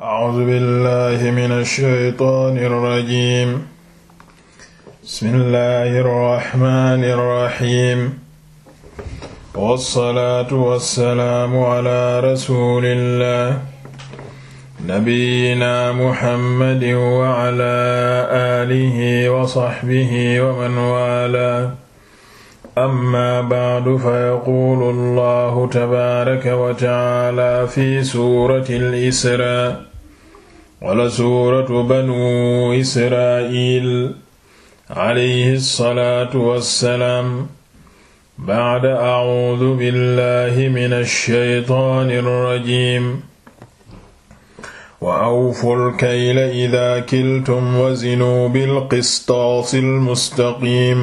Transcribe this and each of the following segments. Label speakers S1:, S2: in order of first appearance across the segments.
S1: A'uuzu billaahi mina shaytaani rajiim. Bismillaahi rahmaani rahiim. Wassalaatu wassalaamu alaa rasuulillaah. Nabiyyinaa Muhammadin wa alaa aalihi wa sahbihi wa man waalaa. amma bacdu fayaquulu allahu tabaaraka wa tacaala fi suurati al-Israa. wala suuratu banu israil alayhi salaatu wassalaam ba'da a'uudu billahi mina shaytaani rajiim wa awful kayla idaa kiltum wazinuu bilqistaasil mustaqiim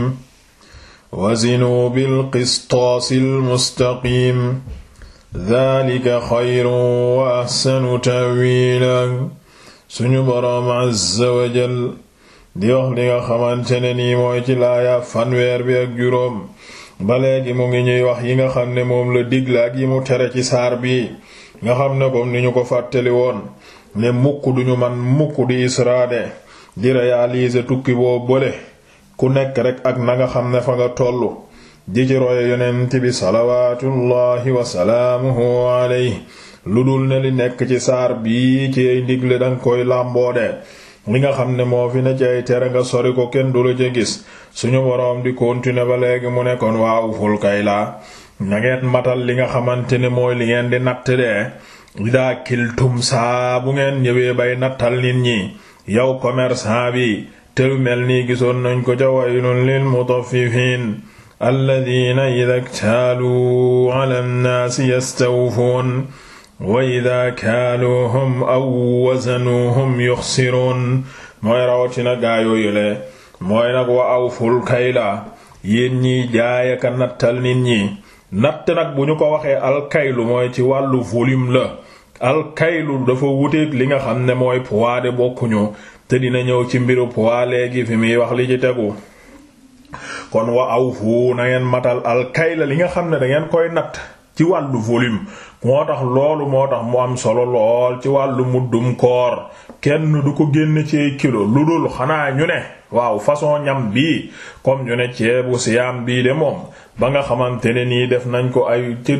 S1: wazinuu bilqistaasil mustaqiim zaalika xayrun wa ahsanu ta'wiilaa suñu boroom azza wa di wax li nga xamante ne nii mooy ci laaya fanweer bi ak juróom ba léegi mu ngi ñuy wax yi nga xam ne moom la digle ak yi mu tere ci saar bi nga xam ne comme ni ñu ko fàttali woon ne mukk duñu man mukk di israade di réaliser tukki boo bële ku nekk rek ak na nga xam ne fa nga tollu di ci roye yonent bi salawaatullahi wa salaamuhu alayhi lu dul ne li nekk ci saar bii ci ay ndigle danga koy làmboo de li nga xam ne moo fi ne ci ay tere nga sori ko kenn du la ca gis suñu woroom di continuer ba léegi mu nekkoon kon waaw ful kay laa na ngeen matal li nga xamante ne mooy li ngeen di natt de ida kiltum saa bu ngeen ñëwee bay nattal nit ñi yow commerçant bi te mel nii gisoon nañ ko ca waylun lil mutaffifin alladina ida ktaalu ala nnaasi yastawfuun wa ida kaaluuhum aw wazanuuhum yuxsiruun mooy rawatina gaayoo yële mooy nag wa aw ful kayla yéen ñiy jaay aka nattal nit ñi natt nag bu ñu ko waxee alkaylu mooy ci wàllu volume la alkaylu dafa wuteeg li nga xam ne mooy poids bokkuñu te dina ñëw ci mbiru poids léegi fi muy wax li ci tegu kon wa aw fu na matal alkayla li nga xam ne dangeen koy natt ci wàllu volume moo tax loolu moo tax mu am solo lool ci wàllu muddum koor kenn du ko génn ci kilo lu dul xanaa ñu ne waaw façon ñam bii comme ñu ne ceebu siyaam bii de moom ba nga xamante ne nii def nañ ko ay ci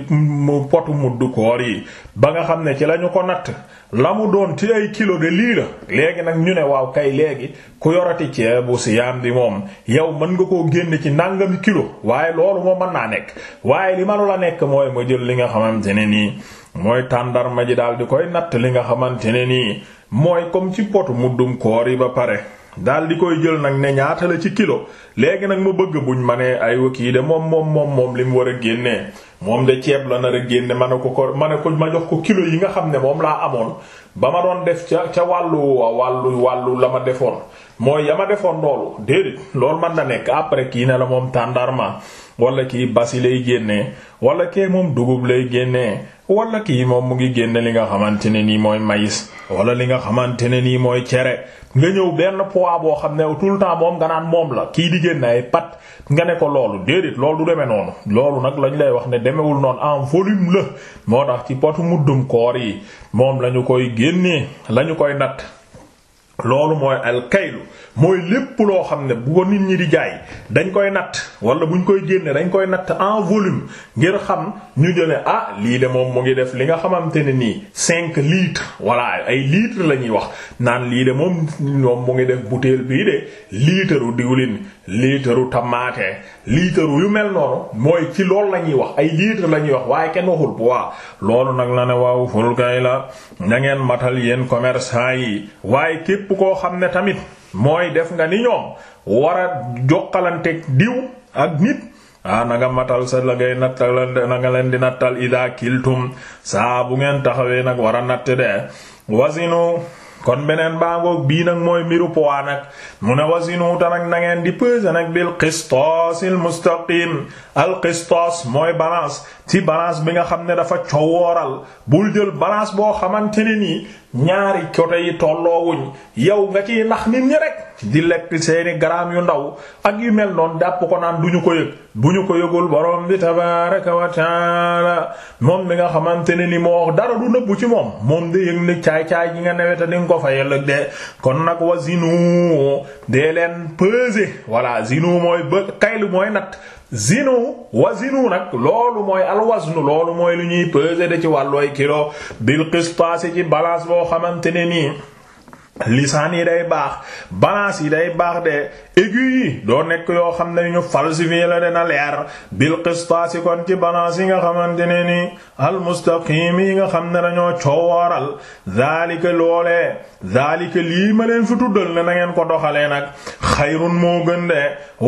S1: potu muddu koor yi ba nga xam ne ci lañu ko natt la mu doon ci ay kilo de lii la léegi nag ñu ne waaw kay léegi ku yorati ceebu siyaam di moom yow mën nga koo génn ci nàngami kilo waaye loolu moo mën naa nekk waaye li manu la nekk mooy ma jël li nga xamante ne nii mooy tàndarma ji daal di koy natt li nga xamante ne nii mooy comme ci potu muddum koor yi ba pare daal di koy jël nag ne ñaata la ci kilo léegi nag mu bëgg buñ ma nee ay kii de moom moom moom moom li mu war a génnee moom de ceeb la nar a génne ma ne ko ko ma ne ko ma jox ko kilo yi nga xam ne moom laa amoon ba ma doon def ca ca wàllu wàllu wàllu la ma defoon mooy ya ma defoon loolu déedéet loolu man na nekk après kii ne la moom tàndarma wala kii basi lay génnee wala kii moom dugub lay génnee wala kii moom mu ngi génne li nga xamante ne nii mooy maïs wala li nga xamante ne nii mooy cere nga ñëw benn poids boo xam ne tout le temps moom nga naan moom la kii di génne ay pat nga ne ko loolu déedéet loolu du demee noonu loolu nag lañ lay wax ne demewul noonu en volume la moo tax ci potu muddum koor yi moom lañu koy génnee lañu koy natt loolu mooy alkaylu mooy lépp loo xam ne bu ko nit ñi di jaay dañ koy natt wala buñ koy génne dañ koy natt en volume ngir xam ñu jële ah lii de moom mu ngi def li nga xamante ne nii cinq litres wala ay litres la ñuy wax naan lii de moom moom mu ngi def bouteille bii de litre u diwlin litre u tamaate litre yu mel noonu mooy ci lool la ñuy wax ay litres lañuy wax waaye kenn waxul poids loolu nag la ne waaw fulkay la nangeen ngeen matal yéen commerçant yi waaye képp képp koo xam ne tamit mooy def nga ni ñoom war a jokkalanteeg diw ak nit ah na nga matal sa la nattal na leen di nattal ida kiltum saa bu ngeen taxawee nag war a natt de wasinu kon beneen baangoog bii nag mooy mbiru poids nag mu ne wasinu ta nangeen di peser nag bil qistaasil mustaqim al qistaas mooy balance ci balance bi nga xam ne dafa cowooral bul jël balance boo xamante ne ñaari côté yi tolloowuñ yow nga ciy nax nit ñi rek di lekk seeni garaam yu ndaw ak yu mel noonu dàpp ko naan duñu ko yëg bu ñu ko yëgul borom bi tabaaraka wa taala moom mi nga xamante ne ni moo dara du nëbbu ci moom moom de yëg ne caay caay gi nga neweta di nga ko fayal ak de kon nag wa zinu dee leen peser voilà zinu mooy ba kaylu mooy nat zinu wa zinu nag loolu mooy alwaznu loolu mooy lu ñuy peser de ci wàllooy kilo bil qistaasi ci balance boo xamante ne nii lisaan yi day baax balance yi day baax de aiguille yi doo nekk yoo xam ne ñu falsifié la dana leer bil qistaasi kon ci balance yi nga xamante ne ni al mustaqim yi nga xam ne dañoo coowooral zaalika loolee zaalika lii ma leen fu tuddal ne na ngeen ko doxalee nag xayrun moo gën de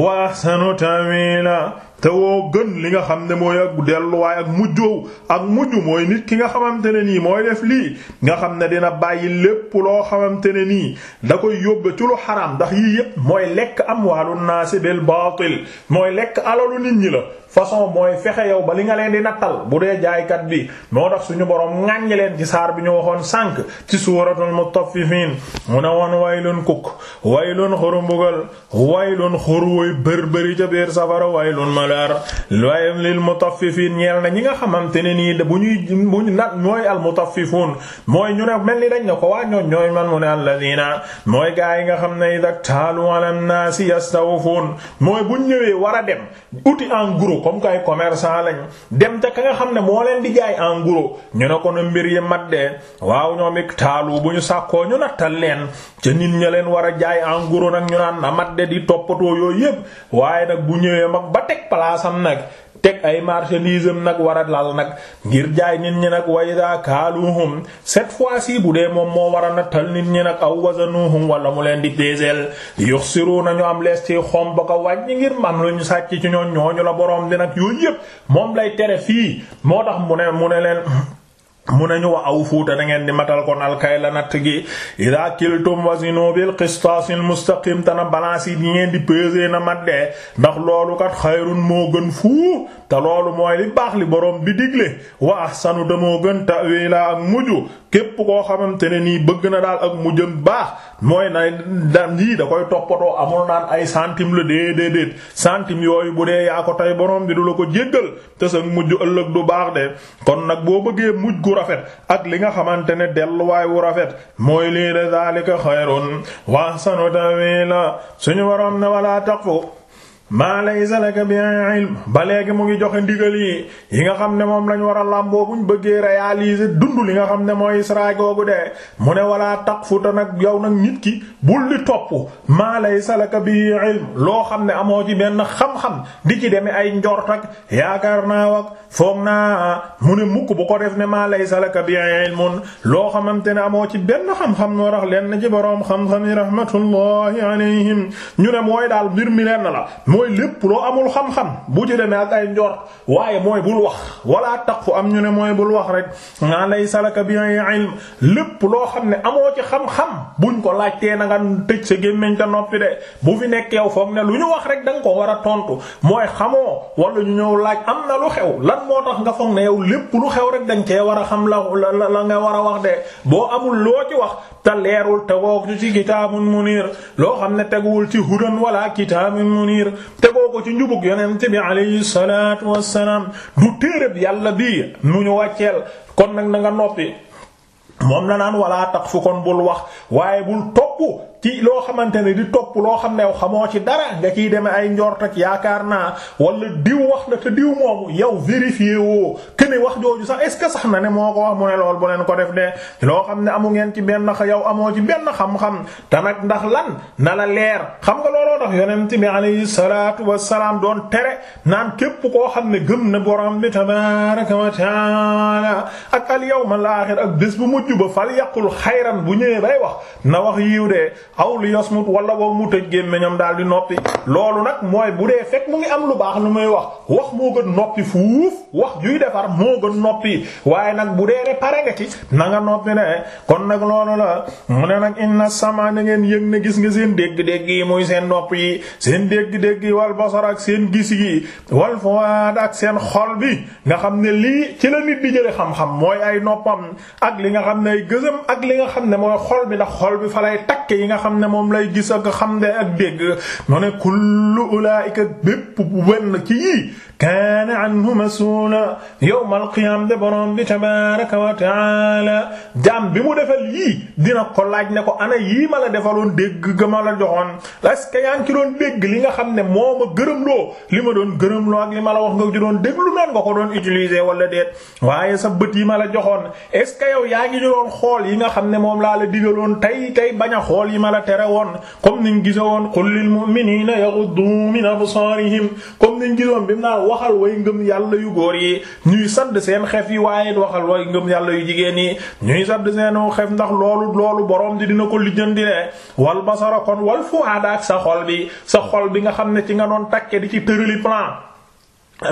S1: wa ahsanu tawila te woo gën li nga xam ne mooy ak delluwaay ak mujjoow ak mujj mooy nit ki nga xamante ne nii mooy def lii nga xam ne dina bàyyi lépp loo xamante ne nii da koy yóbbe ci lu xaraam ndax yii yépp mooy lekk amwaalu naasi bil baatil mooy lekk alalu nit ñi la façon mooy fexe yow ba li nga leen di nattal bu dee jaaykat bi moo tax suñu borom ŋàññi leen ci saar bi ñu waxoon sànq ci suuratul mutaffifiin mu ne woon waylun kuk waylun xurumbugal waylun xurwoy bërbëri ca biir safara waylun am wayl lil mutaffifiin ñeel na ñi nga xamante ne nii bu ñuy bu ñu nag ñooy al mutaffifuun mooy ñu ne mel ni dañ ne ko waa ñoon ñooy man mu ne alladina mooy gaa yi nga xam ne idak taalu ala naasi yastawfuun mooy buñ ñëwee war a dem uti en groupe ñëw comme kay commerçant lañ dem ta ka nga xam ne moo leen di jaay en ñu ne ko na mbir yi mat de waaw ñoom it taalu bu ñu sàkkoo ñu nattal leen ca nit ña leen war a jaay enguro gros nag ñu naan na mat de di toppatoo yooyu yépp waaye nag bu ñëwee mag ba teg palaasam nag teg ay marchandise am nag war a lal nag ngir jaay nit ñi nag wayda kaaluhum cette fois ci bu dee moom moo war a nattal nit ñi nag aw wazanuhum wala mu leen di désel yuxsiru nañu am lees ci xom ba ko wàññi ngir mam lu ñu sàcc ci ñoon ñooñu la boroom di nag yooyu yépp moom lay tere fii moo tax mu ne mu ne leen mu nañu wax aw fuuta da ngeen di matal kon alkayla natt gi ida kiltum wasinu bil qistaasil mustaqim tana balance yi di ngeen di peser na mat de ndax loolu kat xayrun moo gën fuu te loolu mooy li baax li borom bi digle wa ahsanu damoo gën ta'wila ak mujj képp koo xamante ne nii bëgg na daal ak mujjam baax mooy na dan yii da koy toppatoo amul naan ay centime la déedéedéet centime yooyu bu dee yaa ko tey borom bi du la ko jéggal te sa mujj ëllëg du baax de kon nag boo bëggee mujj gu rafet ak li nga xamante ne delluwaay wu rafet mooy lii de zalika xayrun wa ahsanu ta'wila suñu waroon ne wala taqfu maa laysa laka bi ilm ba léegi mu ngi joxe ndigal yi nga xam ne moom lañ war a làmboo buñ bëggee réaliser dund li nga xam ne mooy Isra bu de mu ne walaa taqfuta nag yow nag nit ki bul di topp maa laysa laka bi ilm loo xam ne amoo ci benn xam di ci demee ay njort ak yaakaar naa wak foog naa ne mukk bu ko def ne maa laysa laka bi ilmun loo xamante ne amoo ci benn xam-xam noo tax leen ci boroom xam-xam yi rahmatullahi alayhim ñu ne mooy daal mbir mi leen la mooy lépp loo amul xam-xam bu ci demee ak ay njort waaye mooy bul wax wala taqfu am ñu ne mooy bul wax rek nga laysa laka bi ilm lépp loo xam ne amoo ci xam-xam buñ ko laajtee na nga tëj sa gémmiñ ta noppi bu fi nekk yow foog ne lu ñu wax rek da nga war a tontu mooy xamoo wala ñu ñëw laaj am na xew lan moo tax nga foog ne lépp lu xew rek dañ cee war a xam la la nga war a wax de boo amul loo ci wax te leerul te woo ci kitaabun munir loo xam ne teguwul ci hudan wala kitaabun munir te ko ci njubug yonent bi alayhi salaatu wassalaam du téereb yàlla bi nu ñu wàcceel kon nag na nga noppi moom la naan walaa taq fu kon bul wax waaye bul topp ci loo xamante ne di topp loo xam ne yow xamoo ci dara nga ciy demee ay njort ak yaakaar naa wala diw wax na te diw moomu yow vérifié woo kene wax jooju sax est ce sax na ne moo ko wax mu ne lool bu ko def de loo xam ne amu ngeen ci benn yow amoo ci benn xam-xam te ndax lan na la leer xam nga looloo tax yonent bi alayhi salaatu wassalaam doon tere naan képp koo xam ne gëm na borom bi tabaaraka wa taala ak al yawmal aaxir ak bés bu mujj ba fal yaqul xayran bu ñëwee bay wax na aw li yasmut wala boo mu tëj gémmiñam daal noppi loolu nag mooy bu dee fekk mu ngi am lu baax nu muy wax wax moo gën noppi fuuf wax juy defar moo gën noppi waaye nag bu dee rek pare nga ci nanga nga noppi ne kon nag loolu la mu ne nag inna sama na ngeen yëg ne gis nga seen dégg-dégg yi muy seen nopp yi seen dégg-dégg yi wal basar ak seen gis yi wal fuad ak seen xol bi nga xam ne lii ci la nit bi jële xam-xam mooy ay noppam ak li nga xam ak li nga xam ne mooy xol xam ne moom lay gis ak xam ne ak dégg mu ne kullu ulaa'ika bépp wenn ci yii kaana anhu masuula yawmal qiyaam de borom bi tabaaraka wa taala jaam bi mu defal yii dina ko laaj ne ko ana yii ma la defaloon dégg ga ma la joxoon est-ce que yaa ngi ci loon dégg li nga xam ne moo ma loo li ma doon gërëmloo loo li ma la wax nga ci doon déglu noonu nga ko doon utiliser wala déet waaye sa bët yi ma la joxoon est-ce que yow yaa ngi ñu doon xool yi nga xam ne moom laa la digaloon tey tey bañ a xool yi ma la tere woon comme niñ gisoon qul lil mu'miniina yaghuddu min absaarihim comme niñ gisoon bi mu waxal way ngëm yàlla yu góor yi ñuy sadd seen xef yi waaye waxal way ngëm yàlla yu jigéen yi ñuy sadd seenu xef ndax loolu loolu borom di dina ko lijjanti ne wal basara kon wal fuada ak sa xol bi sa xol bi nga xam ne ci nga doon takke di ci tërali plan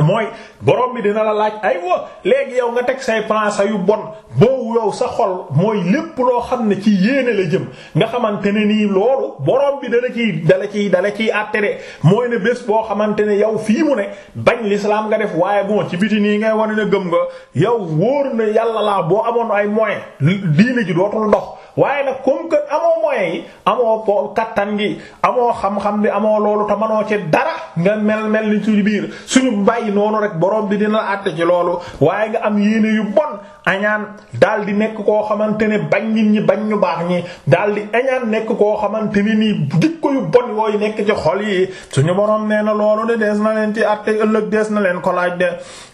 S1: mooy borom bi dina la laaj aywa léegi yow nga teg say plan yu bon boobu yow sa xol mooy lépp loo xam ne ci yéene la jëm nga xamante ne nii loolu borom bi dala ciy dala ciy dala ciy àttere mooy ne bés boo xamante ne yow fii mu ne bañ l'islam nga def waaye bon ci biti nii ngay wane ne gëm nga yow wóor na yàlla laa boo amoon ay moyens diine ji dootul ndox waaye nag comme que amoo moyens yi amoo po kattan gi amoo xam-xam bi amoo loolu te manoo ci dara nga mel mel ni ci biir suñu bàyyi noonu rek boroom bi dina la àtte ci loolu waaye nga am yéene yu bon añaan daal di nekk koo xamante ne bañ nit ñi bañ ñu baax ñi daal di añaan nekk koo xamante ne nii jikko yu bon yooyu nekk ci xol yi suñu borom nee na loolu de dees na leen ci àtte ëllëg dees na leen ko laaj de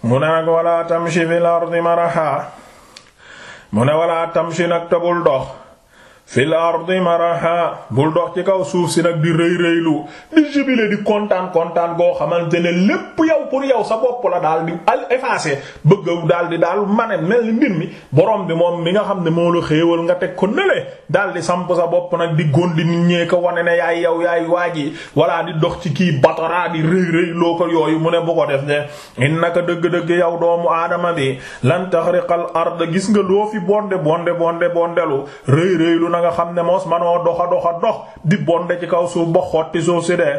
S1: mu ne nag wala tamshi fil ardi maraha mu ne wala tamshi nag tabul dox fil ardi maraha bul dox ci kaw suuf si nag di rëy rëylu di jubile di kontaan kontaan goo xamante le lépp yow pour yow sa bopp la daal di al effacé bëgg daal di daal mane mel ni mbir mi borom bi moom mi nga xam ne moo la xéewal nga teg ko nële daal di samp sa bopp nag di di nit ñee ko wane ne yaay yow yaay waaji walla di dox ci kii batara di rëy rëyloo ko yooyu mu ne bu ko def ne innaka dëgg-dëgg yow doomu aadama bi lan taxriqal ard gis nga loo fi bonde bonde bonde bondelu na nga xam ne moos manoo doxa doxa dox di bonde ci kaw suuf ba xotti suuf si de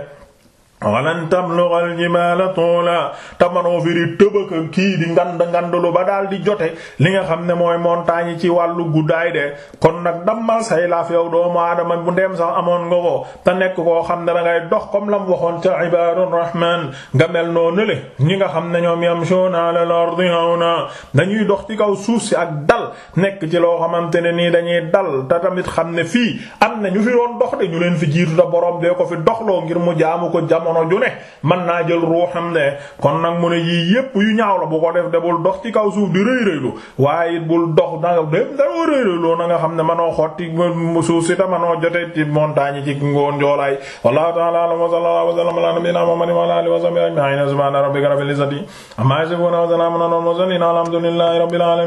S1: walan tablughal jibaala toola tamanoo firi tëbëka kii di ngand ngandlu ba daal di jote li nga xam ne mooy montagne ci wàllu guddaay de kon nag dammal say laaf yow doomu aadama bu ndeem sax amoon nga ko te nekk koo xam ne da ngay dox comme mu waxoon ca ibadur rahman nga mel noo nale ñi nga xam ne ñoom yamshuna ala al-ardi hawna dañuy dox ci kaw suuf si ak dal nekk ci loo xamante ne nii dañuy dal te tamit xam ne fii am na ñu fi doon dox de ñu leen fi jiitu da borom ko fi doxloo ngir mu jaamu ko jamono jamono ju ne man naa jël ruuxam de kon nag mu ne yii yépp yu ñaaw la bu ko def de bul dox ci kaw suuf di rëy rëylu waaye it bul dox danga dem daroo rëy rëyloo na nga xam ne manoo xotti suuf si ta manoo jote ci montagne ci ngoon joolaay wallahu ta'ala a'lam wa sallallahu wa sallama ala nabiyyina muhammadin wa ala alihi wa sahbihi ajma'in subhana rabbika rabbil izzati amma yasifun wa salamun ala al mursalin alhamdulillahi rabbil alamin